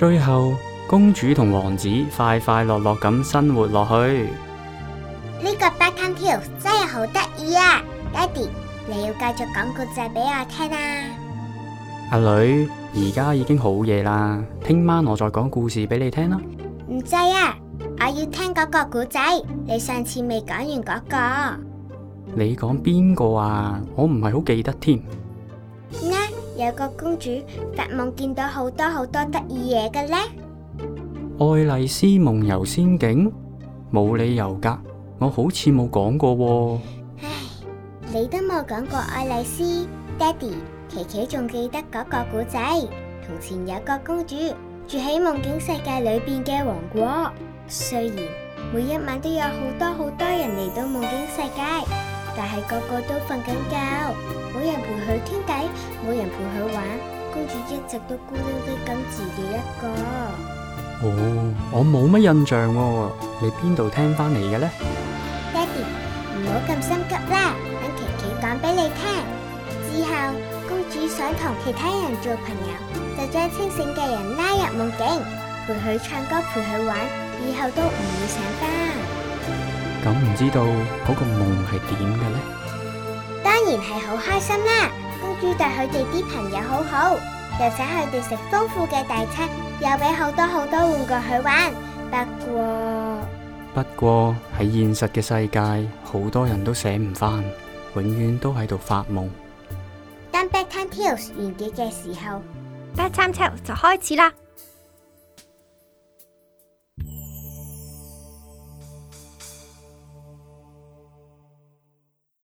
最後，公主同王子快快樂樂咁生活落去。呢個 Bad Time Tale 真係好得意啊！爹哋，你要繼續講故仔俾我聽啊！阿、啊、女，而家已經好夜啦，聽晚我再講故事俾你聽啦。唔制啊，我要聽嗰個古仔，你上次未講完嗰、嗰個。你講邊個啊？我唔係好記得添。有個公主發夢見到好多好多得意嘢嘅呢？《愛麗絲夢遊仙境》，冇理由噶，我好似冇講過。唉，你都冇講過愛麗絲《愛麗絲》，爹哋，琪琪仲記得嗰個古仔。從前有個公主住喺夢境世界裏邊嘅王國，雖然每一晚都有好多好多人嚟到夢境世界。但係個個都瞓緊覺，冇人陪佢傾偈，冇人陪佢玩，公主一直都孤零零咁自己一個。哦，我冇乜印象喎、哦，你邊度聽翻嚟嘅呢？爹哋，唔好咁心急啦，等琪琪講俾你聽。之後公主想同其他人做朋友，就將清醒嘅人拉入夢境，陪佢唱歌，陪佢玩，以後都唔會醒啦。咁唔知道嗰個夢係點嘅呢？當然係好開心啦！公主對佢哋啲朋友好好，又請佢哋食豐富嘅大餐，又俾好多好多玩具去玩。不過不過喺現實嘅世界，好多人都醒唔翻，永遠都喺度發夢。當《Bedtime Tales》完結嘅時候，《Bad Time Tales》就開始啦。